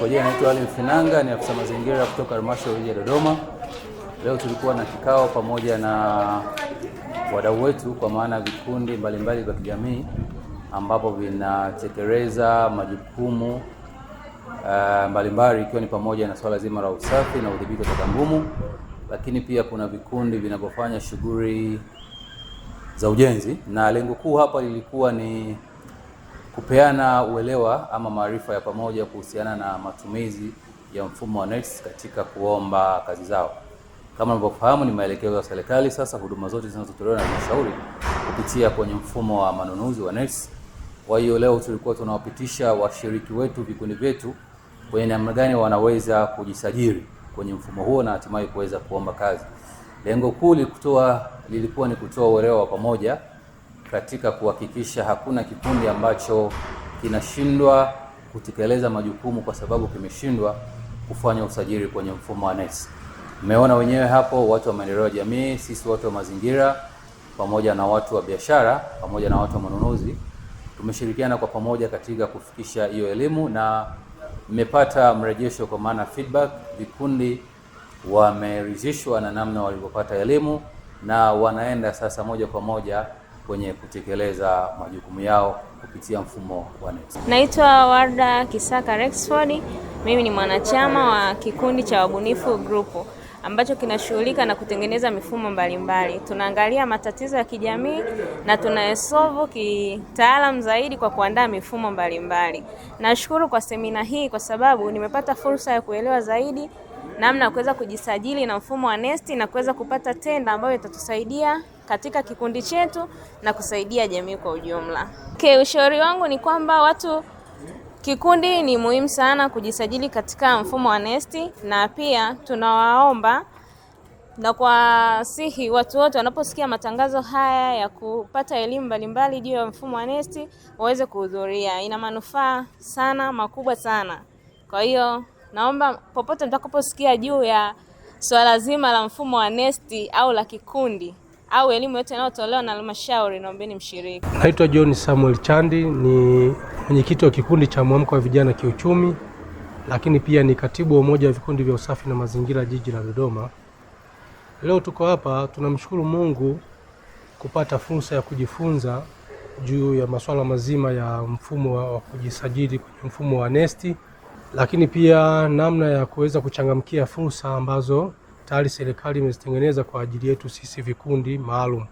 Kwa jina naitwa Ali Mfinanga, ni afisa mazingira kutoka halmashauri ya Dodoma. Leo tulikuwa na kikao pamoja na wadau wetu, kwa maana vikundi mbalimbali vya kijamii ambapo vinatekeleza majukumu uh, mbalimbali ikiwa ni pamoja na swala zima la usafi na udhibiti wa taka ngumu, lakini pia kuna vikundi vinavyofanya shughuli za ujenzi, na lengo kuu hapa lilikuwa ni kupeana uelewa ama maarifa ya pamoja kuhusiana na matumizi ya mfumo wa NeTS katika kuomba kazi zao. Kama unavyofahamu, ni maelekezo ya serikali sasa huduma zote zinazotolewa na halmashauri kupitia kwenye mfumo wa manunuzi wa NeTS. Kwa hiyo leo tulikuwa tunawapitisha washiriki wetu, vikundi vyetu, kwenye namna gani wanaweza kujisajili kwenye mfumo huo na hatimaye kuweza kuomba kazi. Lengo kuu lilikuwa ni kutoa uelewa wa pamoja katika kuhakikisha hakuna kikundi ambacho kinashindwa kutekeleza majukumu kwa sababu kimeshindwa kufanya usajili kwenye mfumo wa NEST. Mmeona wenyewe hapo, watu wa maendeleo ya jamii, sisi watu wa mazingira, pamoja na watu wa biashara, pamoja na watu wa manunuzi, tumeshirikiana kwa pamoja katika kufikisha hiyo elimu, na mmepata mrejesho, kwa maana feedback. Vikundi wameridhishwa na namna walivyopata elimu na wanaenda sasa moja kwa moja kwenye kutekeleza majukumu yao kupitia mfumo wa NeT. Naitwa Warda Kisaka Rexford, mimi ni mwanachama wa kikundi cha wabunifu grupu ambacho kinashughulika na kutengeneza mifumo mbalimbali. Tunaangalia matatizo ya kijamii na tunayesolve kitaalamu zaidi kwa kuandaa mifumo mbalimbali. Nashukuru kwa semina hii kwa sababu nimepata fursa ya kuelewa zaidi namna ya kuweza kujisajili na mfumo wa nesti na kuweza kupata tenda ambayo itatusaidia katika kikundi chetu na kusaidia jamii kwa ujumla. Okay, ushauri wangu ni kwamba watu kikundi ni muhimu sana kujisajili katika mfumo wa nesti na pia tunawaomba na kuwasihi watu wote wanaposikia matangazo haya ya kupata elimu mbalimbali juu ya mfumo wa nesti waweze kuhudhuria. Ina manufaa sana makubwa sana, kwa hiyo Naomba popote mtakaposikia juu ya swala zima la mfumo wa nesti au la kikundi au elimu yote inayotolewa na halmashauri, naombeni mshiriki. Naitwa John Samuel Chandi, ni mwenyekiti wa kikundi cha mwamko wa vijana kiuchumi, lakini pia ni katibu wa umoja wa vikundi vya usafi na mazingira jiji la Dodoma. Leo tuko hapa, tunamshukuru Mungu kupata fursa ya kujifunza juu ya masuala mazima ya mfumo wa kujisajili kwenye mfumo wa nesti lakini pia namna ya kuweza kuchangamkia fursa ambazo tayari serikali imezitengeneza kwa ajili yetu sisi vikundi maalum.